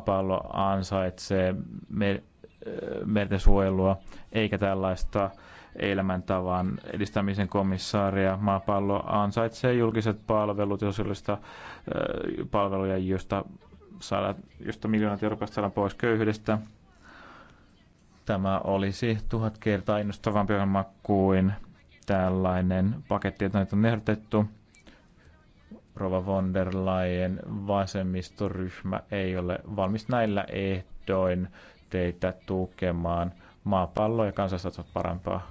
Maapallo ansaitsee mer- merten suojelua, eikä tällaista elämäntavan edistämisen komissaaria. Maapallo ansaitsee julkiset palvelut ja sosiaalista palveluja, josta, saada, josta miljoonat eurokasta saadaan pois köyhyydestä. Tämä olisi tuhat kertaa innostavampi ohjelma kuin tällainen paketti, jota nyt on ehdotettu. Rova von der Leyen vasemmistoryhmä ei ole valmis näillä ehdoin teitä tukemaan. maapalloa ja kansalaiset ovat parempaa.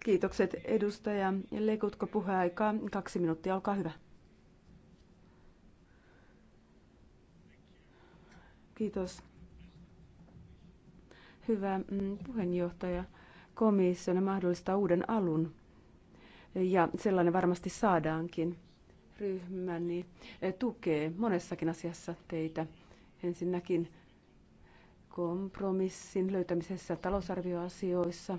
Kiitokset edustaja Legutko puheaikaa. Kaksi minuuttia, olkaa hyvä. Kiitos. Hyvä mm, puheenjohtaja. Komissio mahdollistaa uuden alun ja sellainen varmasti saadaankin. Ryhmäni eh, tukee monessakin asiassa teitä. Ensinnäkin kompromissin löytämisessä talousarvioasioissa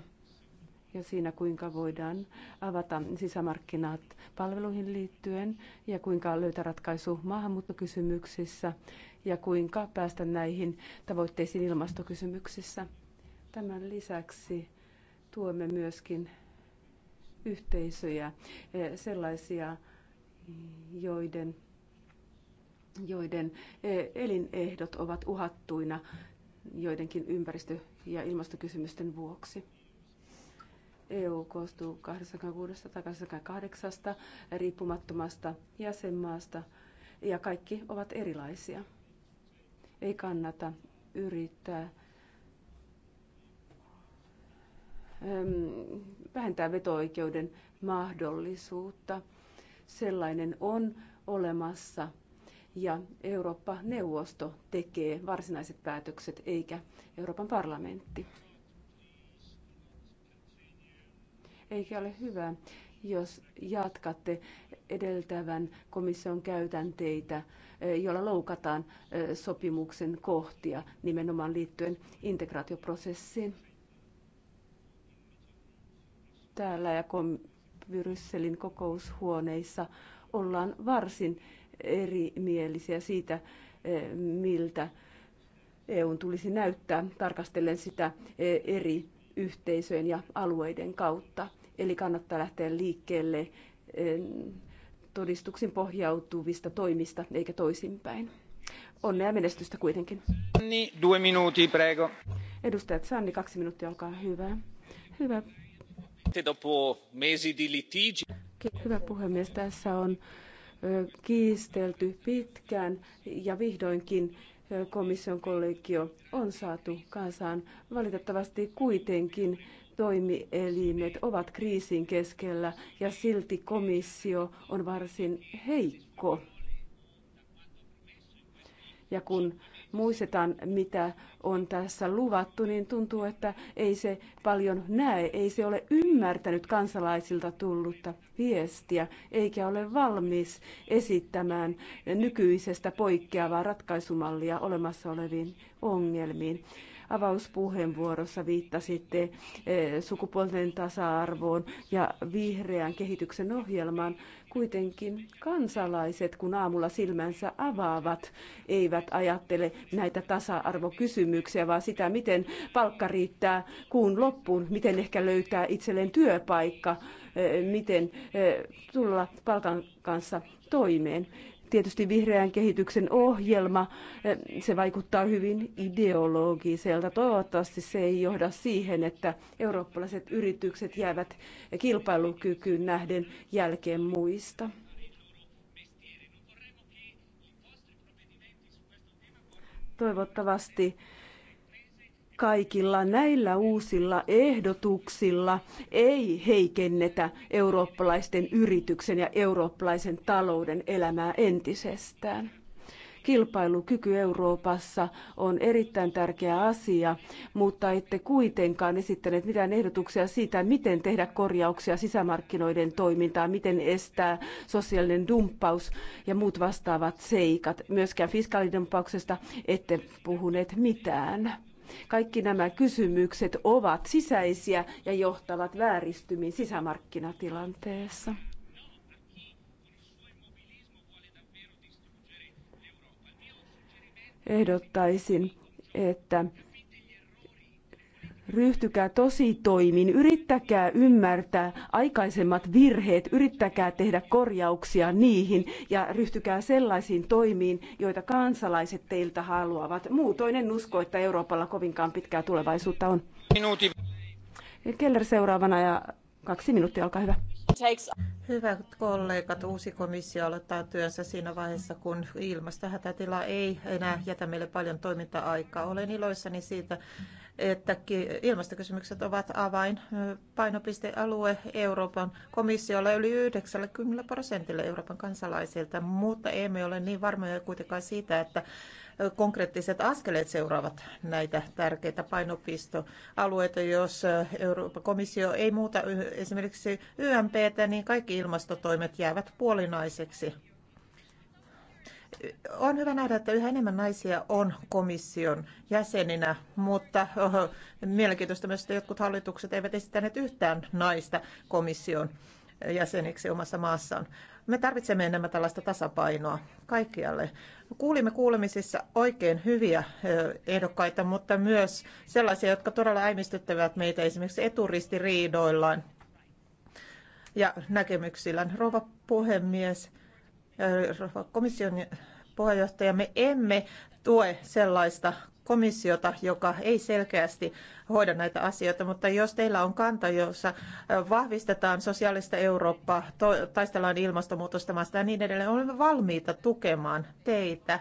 ja siinä, kuinka voidaan avata sisämarkkinat palveluihin liittyen ja kuinka löytää ratkaisu maahanmuuttokysymyksissä ja kuinka päästä näihin tavoitteisiin ilmastokysymyksissä. Tämän lisäksi tuemme myöskin yhteisöjä, eh, sellaisia, joiden, joiden eh, elinehdot ovat uhattuina joidenkin ympäristö- ja ilmastokysymysten vuoksi. EU koostuu 26-28 riippumattomasta jäsenmaasta ja kaikki ovat erilaisia. Ei kannata yrittää vähentää veto-oikeuden mahdollisuutta. Sellainen on olemassa ja Eurooppa-neuvosto tekee varsinaiset päätökset eikä Euroopan parlamentti. Eikä ole hyvä, jos jatkatte edeltävän komission käytänteitä, joilla loukataan sopimuksen kohtia nimenomaan liittyen integraatioprosessiin täällä ja Brysselin kokoushuoneissa ollaan varsin erimielisiä siitä, eh, miltä EUn tulisi näyttää tarkastellen sitä eh, eri yhteisöjen ja alueiden kautta. Eli kannattaa lähteä liikkeelle eh, todistuksin pohjautuvista toimista eikä toisinpäin. Onnea menestystä kuitenkin. Niin, due minuutti, prego. Edustajat Sanni, kaksi minuuttia, olkaa hyvä. Hyvä Hyvä puhemies, tässä on kiistelty pitkään ja vihdoinkin komission kollegio on saatu kasaan. Valitettavasti kuitenkin toimielimet ovat kriisin keskellä ja silti komissio on varsin heikko. Ja kun muistetaan, mitä on tässä luvattu, niin tuntuu, että ei se paljon näe, ei se ole ymmärtänyt kansalaisilta tullutta viestiä, eikä ole valmis esittämään nykyisestä poikkeavaa ratkaisumallia olemassa oleviin ongelmiin avauspuheenvuorossa viittasitte eh, sukupuolten tasa-arvoon ja vihreän kehityksen ohjelmaan. Kuitenkin kansalaiset, kun aamulla silmänsä avaavat, eivät ajattele näitä tasa-arvokysymyksiä, vaan sitä, miten palkka riittää kuun loppuun, miten ehkä löytää itselleen työpaikka, eh, miten eh, tulla palkan kanssa toimeen tietysti vihreän kehityksen ohjelma, se vaikuttaa hyvin ideologiselta. Toivottavasti se ei johda siihen, että eurooppalaiset yritykset jäävät kilpailukykyyn nähden jälkeen muista. Toivottavasti kaikilla näillä uusilla ehdotuksilla ei heikennetä eurooppalaisten yrityksen ja eurooppalaisen talouden elämää entisestään. Kilpailukyky Euroopassa on erittäin tärkeä asia, mutta ette kuitenkaan esittäneet mitään ehdotuksia siitä, miten tehdä korjauksia sisämarkkinoiden toimintaan, miten estää sosiaalinen dumppaus ja muut vastaavat seikat. Myöskään fiskaalidumppauksesta ette puhuneet mitään kaikki nämä kysymykset ovat sisäisiä ja johtavat vääristymiin sisämarkkinatilanteessa. Ehdottaisin, että ryhtykää tosi toimiin, yrittäkää ymmärtää aikaisemmat virheet, yrittäkää tehdä korjauksia niihin ja ryhtykää sellaisiin toimiin, joita kansalaiset teiltä haluavat. Muutoin en usko, että Euroopalla kovinkaan pitkää tulevaisuutta on. Keller seuraavana ja kaksi minuuttia, olkaa hyvä. Hyvät kollegat, uusi komissio aloittaa työnsä siinä vaiheessa, kun ilmastohätätila ei enää jätä meille paljon toiminta-aikaa. Olen iloissani siitä, että ilmastokysymykset ovat avain painopistealue Euroopan komissiolla yli 90 prosentille Euroopan kansalaisilta, mutta emme ole niin varmoja kuitenkaan siitä, että konkreettiset askeleet seuraavat näitä tärkeitä painopistoalueita. Jos Euroopan komissio ei muuta esimerkiksi YMPtä, niin kaikki ilmastotoimet jäävät puolinaiseksi. On hyvä nähdä, että yhä enemmän naisia on komission jäseninä, mutta oho, mielenkiintoista myös, että jotkut hallitukset eivät esittäneet yhtään naista komission jäseniksi omassa maassaan. Me tarvitsemme enemmän tällaista tasapainoa kaikkialle. Kuulimme kuulemisissa oikein hyviä ehdokkaita, mutta myös sellaisia, jotka todella äimistyttävät meitä esimerkiksi eturistiriidoillaan ja näkemyksillään. Rouva puhemies, komission puheenjohtaja, me emme tue sellaista komissiota, joka ei selkeästi hoida näitä asioita, mutta jos teillä on kanta, jossa vahvistetaan sosiaalista Eurooppaa, taistellaan ilmastonmuutosta ja niin edelleen, olemme valmiita tukemaan teitä.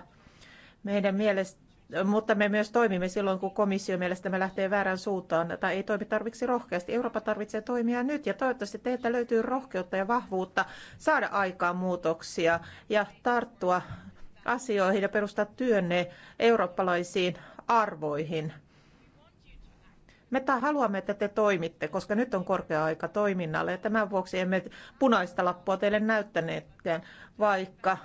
Meidän mielestä mutta me myös toimimme silloin, kun komissio me lähtee väärään suuntaan tai ei toimi tarviksi rohkeasti. Eurooppa tarvitsee toimia nyt ja toivottavasti teiltä löytyy rohkeutta ja vahvuutta saada aikaan muutoksia ja tarttua asioihin ja perustaa työnne eurooppalaisiin arvoihin. Me haluamme, että te toimitte, koska nyt on korkea aika toiminnalle ja tämän vuoksi emme punaista lappua teille näyttäneetkään, vaikka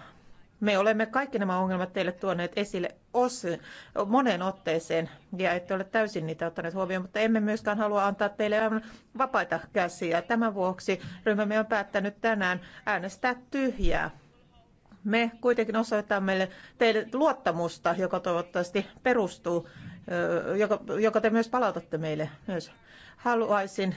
me olemme kaikki nämä ongelmat teille tuoneet esille ose, moneen otteeseen ja ette ole täysin niitä ottaneet huomioon, mutta emme myöskään halua antaa teille aivan vapaita käsiä. Tämän vuoksi ryhmämme on päättänyt tänään äänestää tyhjää. Me kuitenkin osoitamme teille luottamusta, joka toivottavasti perustuu, joka, joka te myös palautatte meille myös. Haluaisin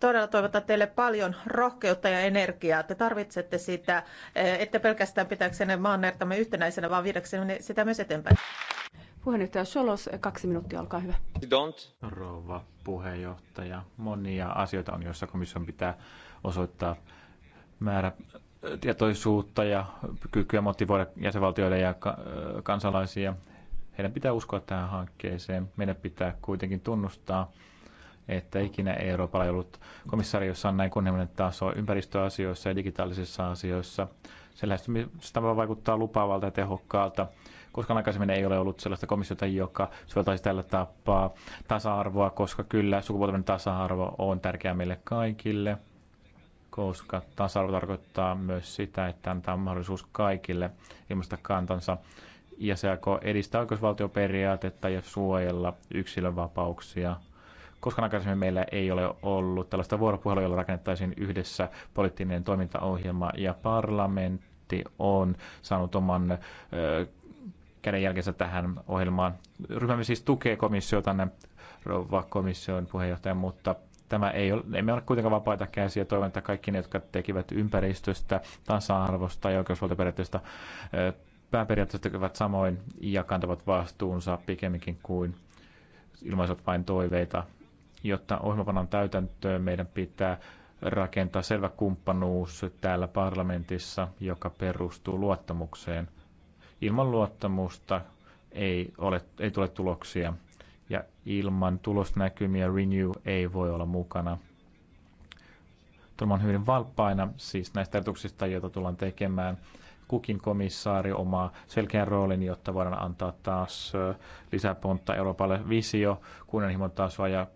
todella toivottaa teille paljon rohkeutta ja energiaa. Te tarvitsette sitä, eh, ette pelkästään pitääksenne nertamme yhtenäisenä, vaan viedäksenne sitä myös eteenpäin. Puheenjohtaja Solos, kaksi minuuttia, olkaa hyvä. Don't. Rouva puheenjohtaja, monia asioita on, joissa komission pitää osoittaa määrä eh, tietoisuutta ja kykyä motivoida jäsenvaltioiden ja eh, kansalaisia. Heidän pitää uskoa tähän hankkeeseen. Meidän pitää kuitenkin tunnustaa, että ikinä Euroopalla ei ollut jossa on näin kunnianhimoinen taso ympäristöasioissa ja digitaalisissa asioissa. Se lähestymistapa vaikuttaa lupaavalta ja tehokkaalta. Koska aikaisemmin ei ole ollut sellaista komissiota, joka soveltaisi tällä tapaa tasa-arvoa, koska kyllä sukupuolten tasa-arvo on tärkeää meille kaikille, koska tasa-arvo tarkoittaa myös sitä, että antaa mahdollisuus kaikille ilmaista kantansa ja se alkoi edistää oikeusvaltioperiaatetta ja suojella yksilön vapauksia koska aikaisemmin meillä ei ole ollut tällaista vuoropuhelua, jolla rakennettaisiin yhdessä poliittinen toimintaohjelma ja parlamentti on saanut oman ö, kädenjälkensä tähän ohjelmaan. Ryhmämme siis tukee komissiota, rouva komission puheenjohtajan, mutta tämä ei ole, emme ole kuitenkaan vapaita käsiä. Toivon, että kaikki ne, jotka tekivät ympäristöstä, tasa-arvosta ja oikeusvaltioperiaatteesta pääperiaatteesta tekevät samoin ja kantavat vastuunsa pikemminkin kuin ilmaisivat vain toiveita. Jotta ohjelmapanon täytäntöön meidän pitää rakentaa selvä kumppanuus täällä parlamentissa, joka perustuu luottamukseen. Ilman luottamusta ei, ole, ei tule tuloksia ja ilman tulosnäkymiä Renew ei voi olla mukana. Tulman hyvin valppaina siis näistä ehdotuksista, joita tullaan tekemään. Kukin komissaari omaa selkeän roolin, jotta voidaan antaa taas lisäpontta Euroopalle visio, kunnianhimon tasoa ja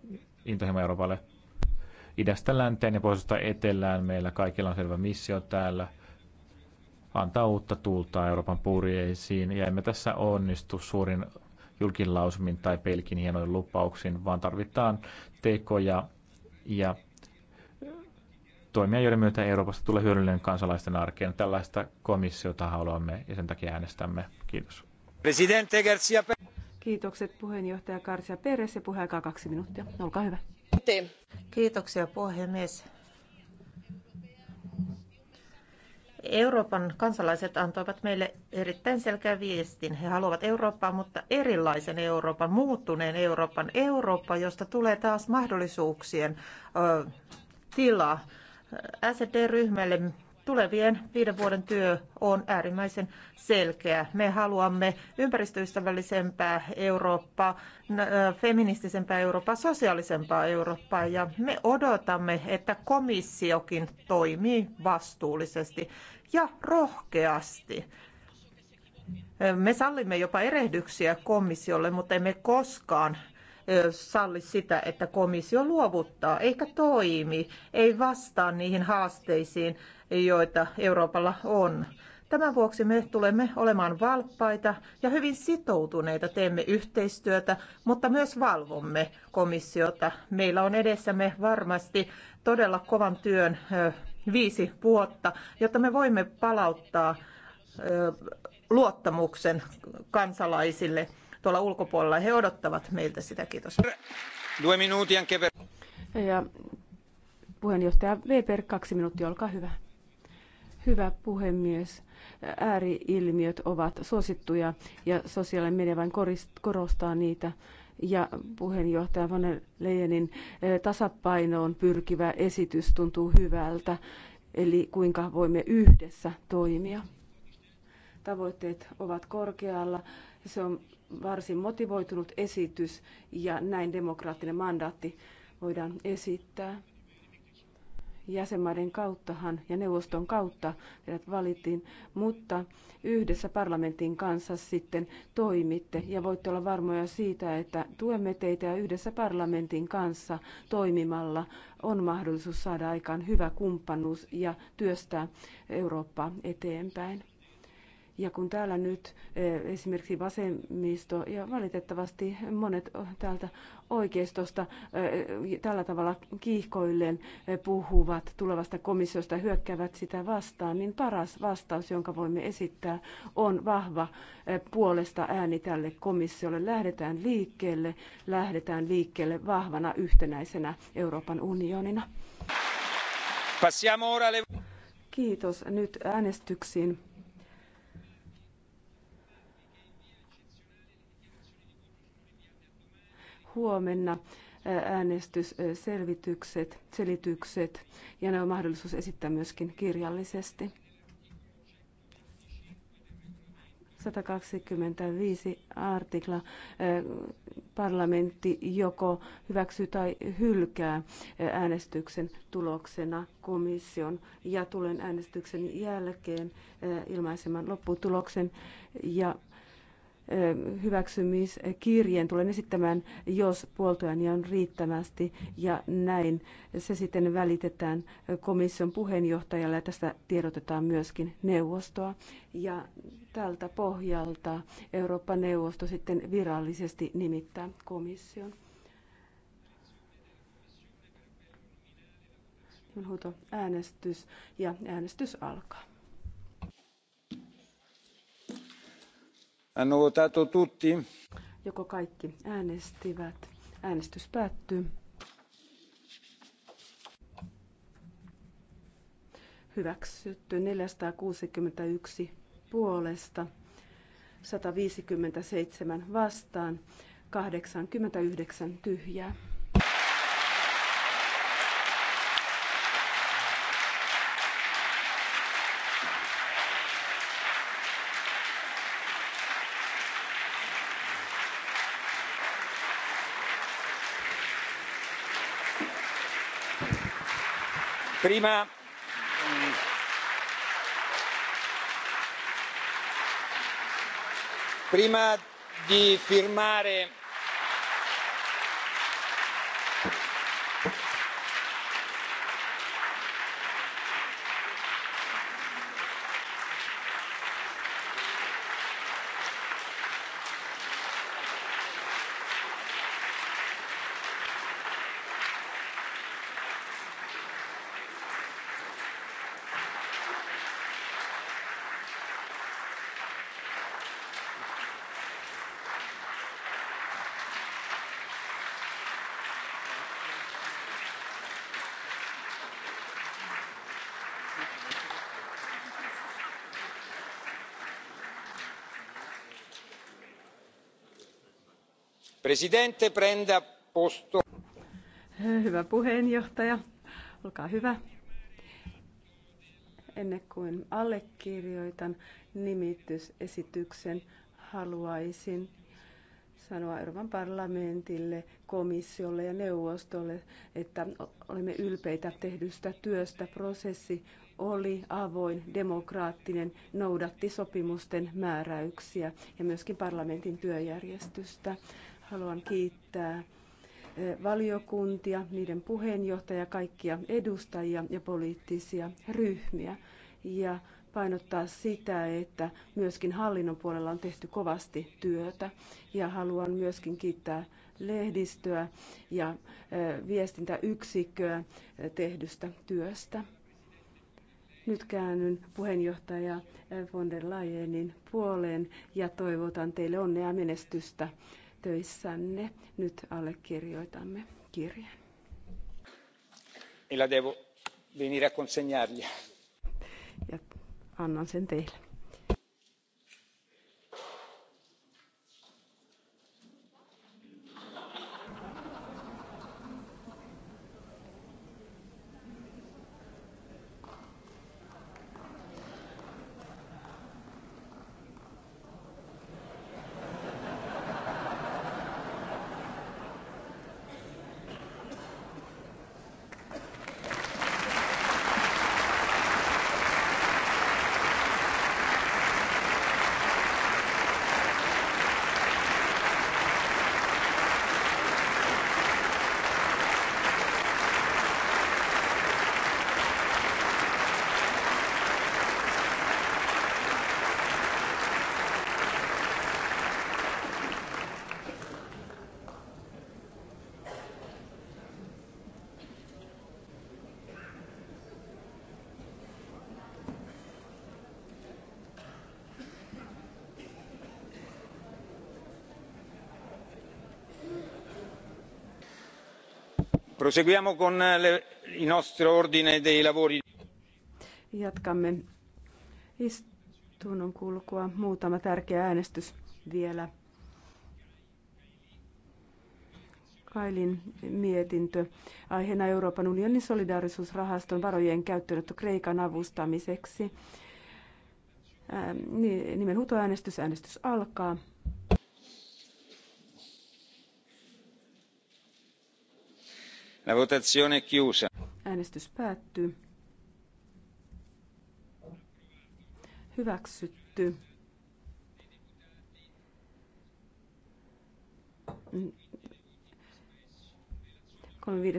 intohimo Euroopalle. Idästä länteen ja pohjoisesta etelään meillä kaikilla on selvä missio täällä antaa uutta tuulta Euroopan purjeisiin. Ja emme tässä onnistu suurin julkilausumin tai pelkin hienoin lupauksin, vaan tarvitaan tekoja ja toimia, joiden myötä Euroopasta tulee hyödyllinen kansalaisten arkeen. Tällaista komissiota haluamme ja sen takia äänestämme. Kiitos. Presidente Garcia Kiitokset puheenjohtaja Karsia Peres ja puheaikaa kaksi minuuttia. Olkaa hyvä. Kiitoksia puhemies. Euroopan kansalaiset antoivat meille erittäin selkeän viestin. He haluavat Eurooppaa, mutta erilaisen Euroopan, muuttuneen Euroopan, Eurooppa, josta tulee taas mahdollisuuksien ö, tila. SD-ryhmälle tulevien viiden vuoden työ on äärimmäisen selkeä. Me haluamme ympäristöystävällisempää Eurooppaa, feministisempää Eurooppaa, sosiaalisempaa Eurooppaa ja me odotamme, että komissiokin toimii vastuullisesti ja rohkeasti. Me sallimme jopa erehdyksiä komissiolle, mutta emme koskaan salli sitä, että komissio luovuttaa eikä toimi, ei vastaa niihin haasteisiin, joita Euroopalla on. Tämän vuoksi me tulemme olemaan valppaita ja hyvin sitoutuneita. Teemme yhteistyötä, mutta myös valvomme komissiota. Meillä on edessämme varmasti todella kovan työn viisi vuotta, jotta me voimme palauttaa luottamuksen kansalaisille tuolla ulkopuolella. He odottavat meiltä sitä. Kiitos. Ja puheenjohtaja Weber, kaksi minuuttia, olkaa hyvä. Hyvä puhemies. Ääriilmiöt ovat suosittuja ja sosiaalinen media vain korostaa niitä ja puheenjohtaja Van Leijenin eh, tasapainoon pyrkivä esitys tuntuu hyvältä, eli kuinka voimme yhdessä toimia. Tavoitteet ovat korkealla, se on varsin motivoitunut esitys ja näin demokraattinen mandaatti voidaan esittää jäsenmaiden kauttahan ja neuvoston kautta teidät valittiin, mutta yhdessä parlamentin kanssa sitten toimitte ja voitte olla varmoja siitä, että tuemme teitä ja yhdessä parlamentin kanssa toimimalla on mahdollisuus saada aikaan hyvä kumppanuus ja työstää Eurooppaa eteenpäin. Ja kun täällä nyt e, esimerkiksi vasemmisto ja valitettavasti monet täältä oikeistosta e, tällä tavalla kiihkoilleen e, puhuvat tulevasta komissiosta ja hyökkäävät sitä vastaan, niin paras vastaus, jonka voimme esittää, on vahva puolesta ääni tälle komissiolle. Lähdetään liikkeelle, lähdetään liikkeelle vahvana yhtenäisenä Euroopan unionina. Kiitos. Nyt äänestyksiin. huomenna äänestysselvitykset, selitykset ja ne on mahdollisuus esittää myöskin kirjallisesti. 125 artikla parlamentti joko hyväksyy tai hylkää äänestyksen tuloksena komission ja tulen äänestyksen jälkeen ilmaiseman lopputuloksen ja hyväksymiskirjeen tulen esittämään, jos puoltojania on riittävästi ja näin se sitten välitetään komission puheenjohtajalle ja tästä tiedotetaan myöskin neuvostoa. Ja tältä pohjalta Eurooppa-neuvosto sitten virallisesti nimittää komission. Äänestys ja äänestys alkaa. Hanno votato tutti? Joko kaikki äänestivät? Äänestys päättyy. Hyväksytty 461 puolesta, 157 vastaan, 89 tyhjää. prima prima di firmare Presidente, prenda posto. Hyvä puheenjohtaja, olkaa hyvä. Ennen kuin allekirjoitan nimitysesityksen, haluaisin sanoa Euroopan parlamentille, komissiolle ja neuvostolle, että olemme ylpeitä tehdystä työstä. Prosessi oli avoin, demokraattinen, noudatti sopimusten määräyksiä ja myöskin parlamentin työjärjestystä. Haluan kiittää eh, valiokuntia, niiden puheenjohtajia, kaikkia edustajia ja poliittisia ryhmiä. Ja painottaa sitä, että myöskin hallinnon puolella on tehty kovasti työtä. Ja haluan myöskin kiittää lehdistöä ja eh, viestintäyksikköä eh, tehdystä työstä. Nyt käännyn puheenjohtaja von der Leyenin puoleen ja toivotan teille onnea ja menestystä töissänne. Nyt allekirjoitamme kirjeen. E la devo venire a consegnargli. Ja annan sen teille. Proseguiamo con eh, il nostro ordine dei lavori. Jatkamme istunnon kulkua. Muutama tärkeä äänestys vielä. Kailin mietintö. Aiheena Euroopan unionin solidaarisuusrahaston varojen käyttöönotto Kreikan avustamiseksi. Nimen huutoäänestys. Äänestys alkaa. La votazione è chiusa. Äänestys päättyy. Hyväksytty. Kolme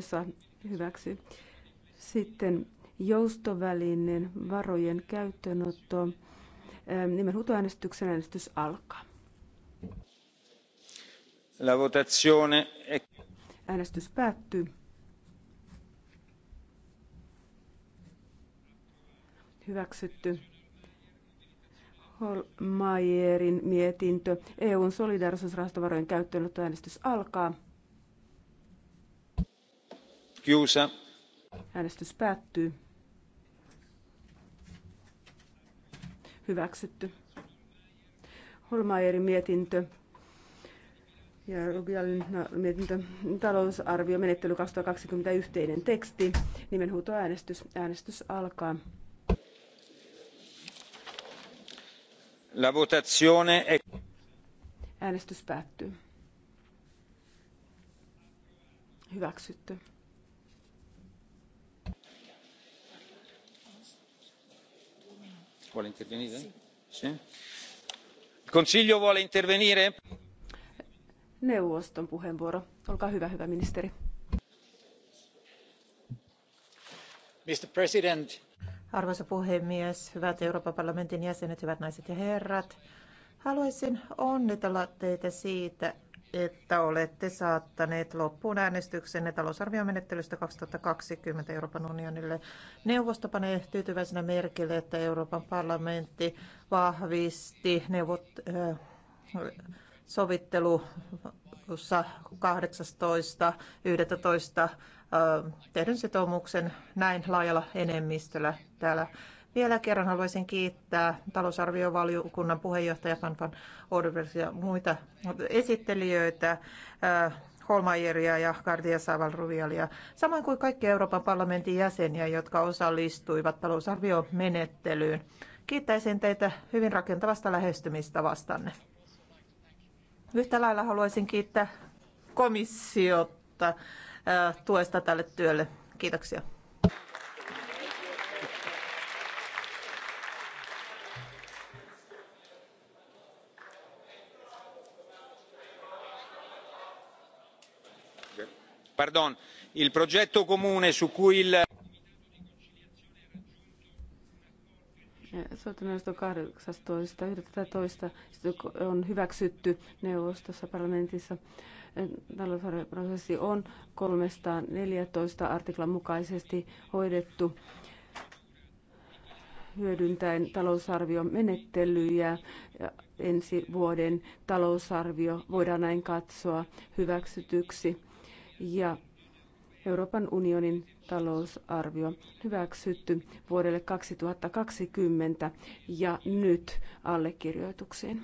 hyväksy. Sitten joustovälinen varojen käyttöönotto. Ähm, nimenhuutoäänestyksen äänestys alkaa. La votazione è... Äänestys päättyy. hyväksytty. Holmajerin mietintö. EUn solidarisuusrahastovarojen käyttöönottoäänestys alkaa. Kiusa. Äänestys päättyy. Hyväksytty. Holmajerin mietintö. Ja Rubialin no, mietintö. Talousarvio menettely 2021 yhteinen teksti. Nimenhuutoäänestys. Äänestys alkaa. La votazione è... Äänestys päättyy. Hyväksytty. Vuole intervenire? Sì. sì. Consiglio vuole intervenire? Neuvoston puheenvuoro. Olkaa hyvä, hyvä ministeri. Mr. President, Arvoisa puhemies, hyvät Euroopan parlamentin jäsenet, hyvät naiset ja herrat. Haluaisin onnitella teitä siitä, että olette saattaneet loppuun äänestyksenne talousarviomenettelystä 2020 Euroopan unionille. Neuvosto panee tyytyväisenä merkille, että Euroopan parlamentti vahvisti neuvot, äh, sovittelussa 18.11 tehdyn sitoumuksen näin laajalla enemmistöllä täällä. Vielä kerran haluaisin kiittää talousarviovaliokunnan puheenjohtaja Van van Orders ja muita esittelijöitä, Holmajeria ja Gardia Savalruvialia, samoin kuin kaikki Euroopan parlamentin jäseniä, jotka osallistuivat talousarviomenettelyyn. Kiittäisin teitä hyvin rakentavasta lähestymistavastanne. Yhtä lailla haluaisin kiittää komissiota Äh, tuesta tälle työlle. Kiitoksia. Pardon, il progetto comune su cui il Sotineuvoston 18.11. on hyväksytty neuvostossa parlamentissa. Talousarvioprosessi on 314 artiklan mukaisesti hoidettu hyödyntäen menettelyjä Ensi vuoden talousarvio voidaan näin katsoa hyväksytyksi. Ja Euroopan unionin talousarvio hyväksytty vuodelle 2020 ja nyt allekirjoituksiin.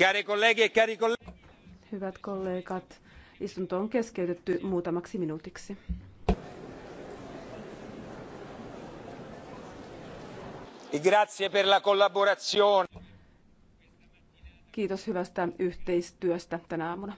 E Hyvät kollegat, istunto on keskeytetty muutamaksi minuutiksi. E grazie per la collaborazione. Kiitos hyvästä yhteistyöstä tänä aamuna.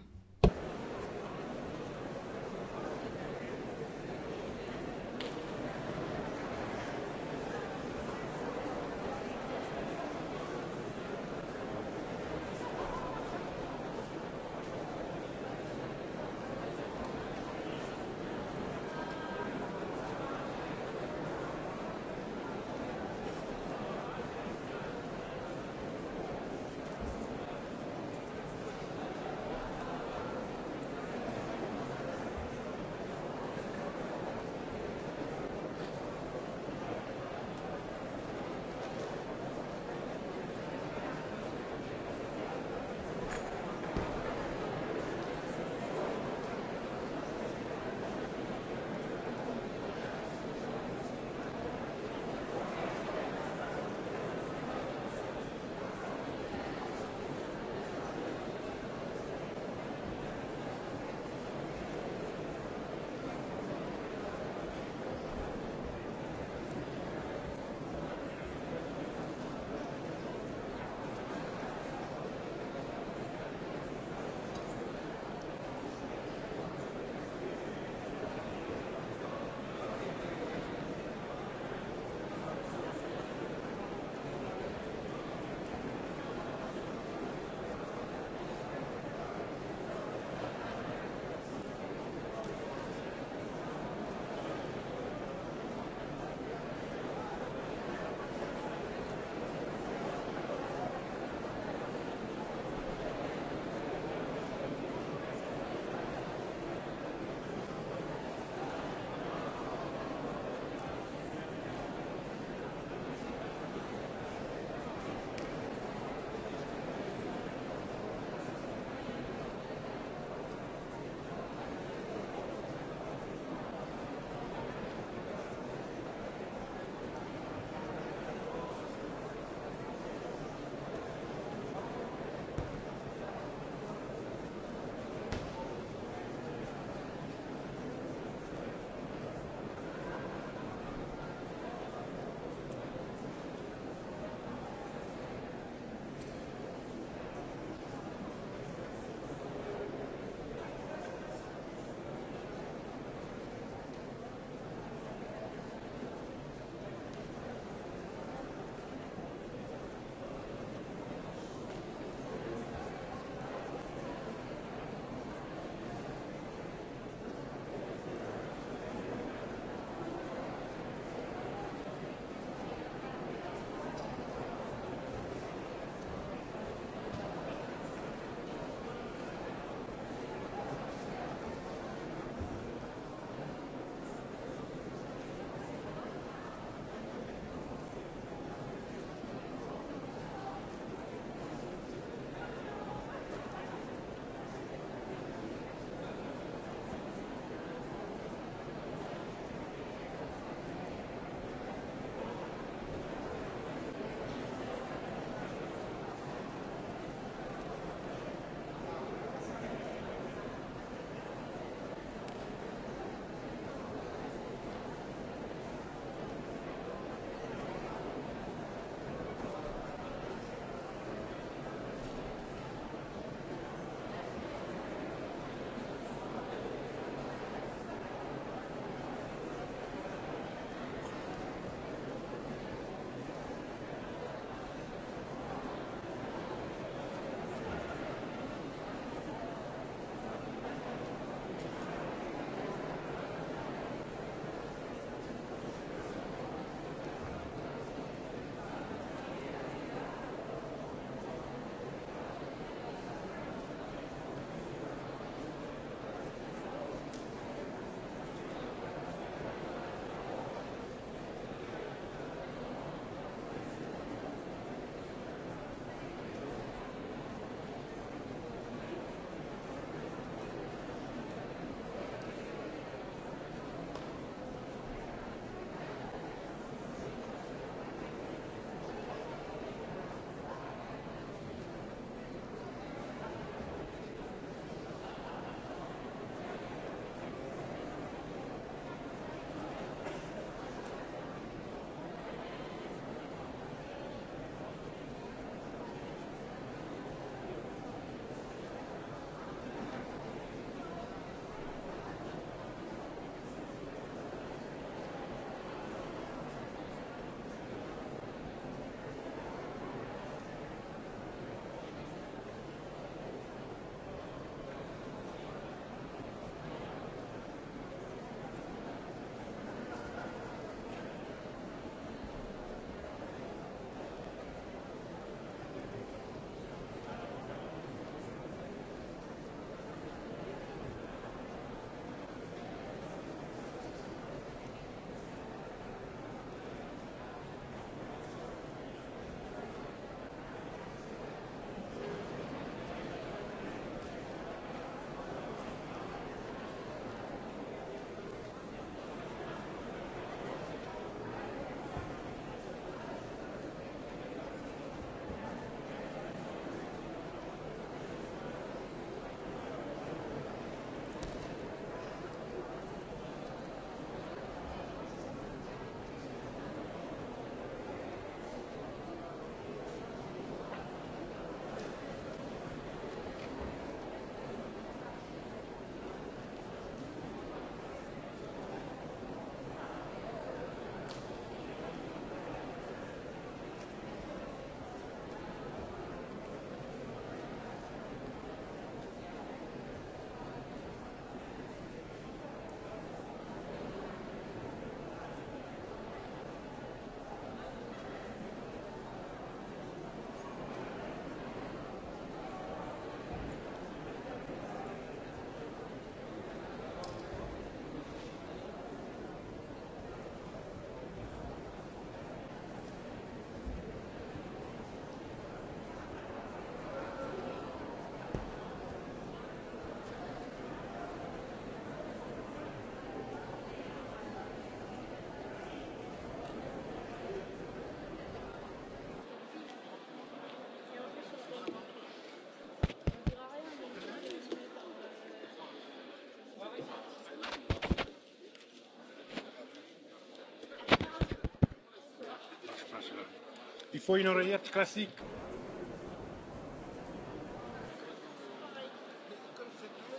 oreillette classique.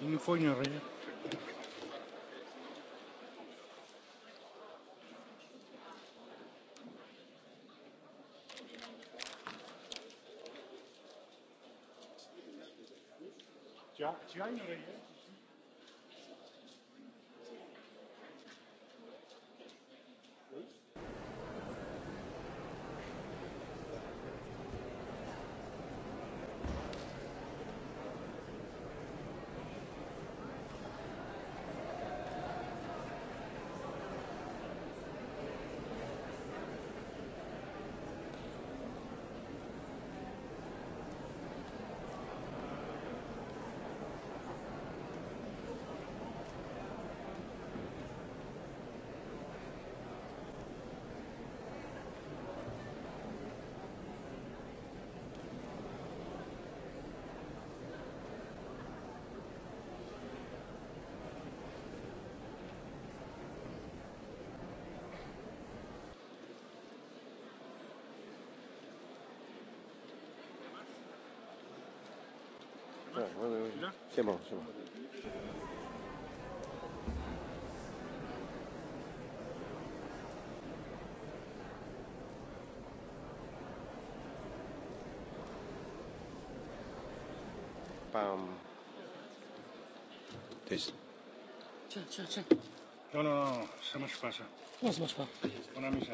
Il nous faut une oreillette. Tu as, tu as une oreillette oui, oui. C'est bon, c'est bon. Pam. Test. Tiens, tiens, tiens. Non, non, non, ça marche pas, ça. Non, ça marche pas. On a mis ça.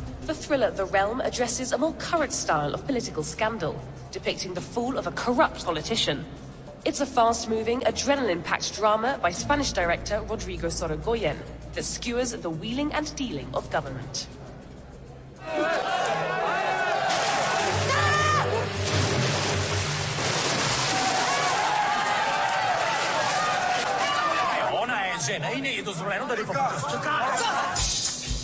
thriller The Realm addresses a more current style of political scandal, depicting the fall of a corrupt politician. It's a fast-moving, adrenaline-packed drama by Spanish director Rodrigo Sorogoyen that skewers the wheeling and dealing of government. Ona je žena i nije dozvoljeno da li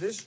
This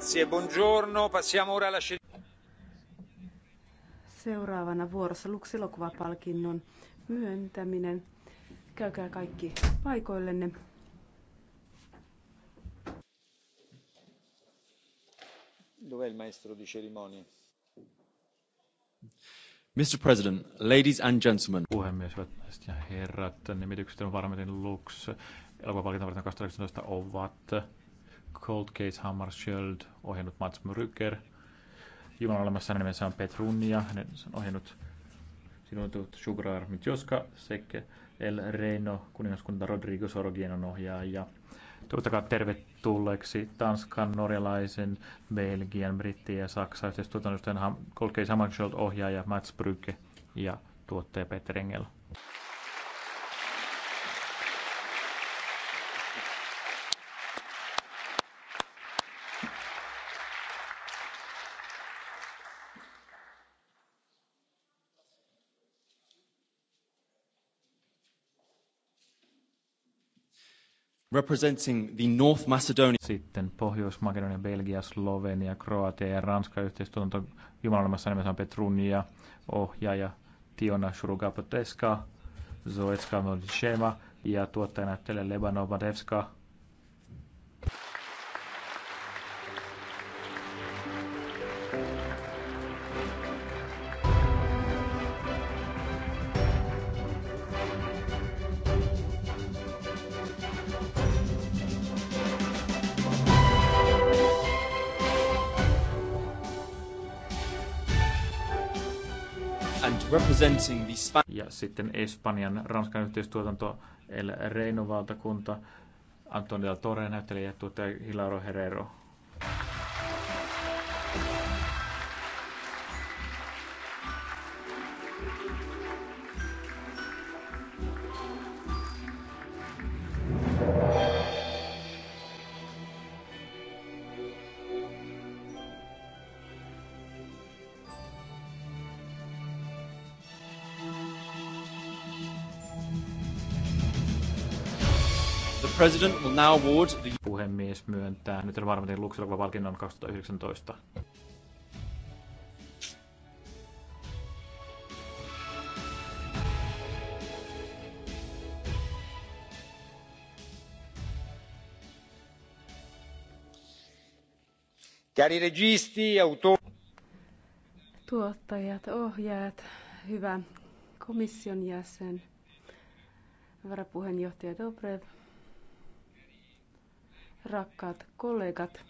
Grazie, buongiorno. Passiamo ora alla Seuraavana vuorossa Lux palkinnon myöntäminen. Käykää kaikki paikoillenne. Dov'è il maestro di cerimonie? Mr. President, ladies and gentlemen. Puhemies, hyvät naiset ja herrat, nimitykset on varmitin Lux. Elokuvapalkinnon 2019 ovat Cold Case Hammarskjöld, ohjannut Mats Mryker. Jumalan olemassa nimensä on Petrunia, hänen on ohjannut sinun tuot Sugar Mitjoska sekä El Reino, kuningaskunta Rodrigo on ohjaaja. Toivottakaa tervetulleeksi Tanskan, norjalaisen, Belgian, Brittien ja Saksan yhteistuotannusten Cold Case Hammarskjöld ohjaaja Mats Brygge ja tuottaja Peter Engel. representing the North Macedonia. Sitten Pohjois-Makedonia, Belgia, Slovenia, Kroatia ja Ranska yhteistuotanto Jumalanimassa nimessä on Petrunia, ohjaaja Tiona Shurugapoteska, Zoetska Modishema ja tuottajanäyttelijä Lebanova Devska representing the Span- ja sitten Espanjan Ranskan yhteistuotanto El Reino valtakunta, Antonio Torre näyttelijä ja tuottaja Hilaro Herrero. president will now award the... Puhemies myöntää nyt on varmatin Luxelokuva palkinnon 2019. Cari registi, auto... Tuottajat, ohjaajat, hyvä komission jäsen, varapuheenjohtaja Dobrev, rakkaat kollegat,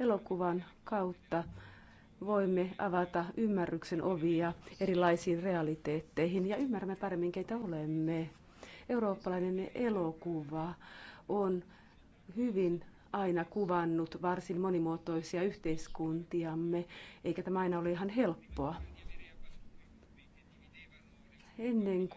elokuvan kautta voimme avata ymmärryksen ovia erilaisiin realiteetteihin ja ymmärrämme paremmin, keitä olemme. Eurooppalainen elokuva on hyvin aina kuvannut varsin monimuotoisia yhteiskuntiamme, eikä tämä aina ole ihan helppoa. Ennen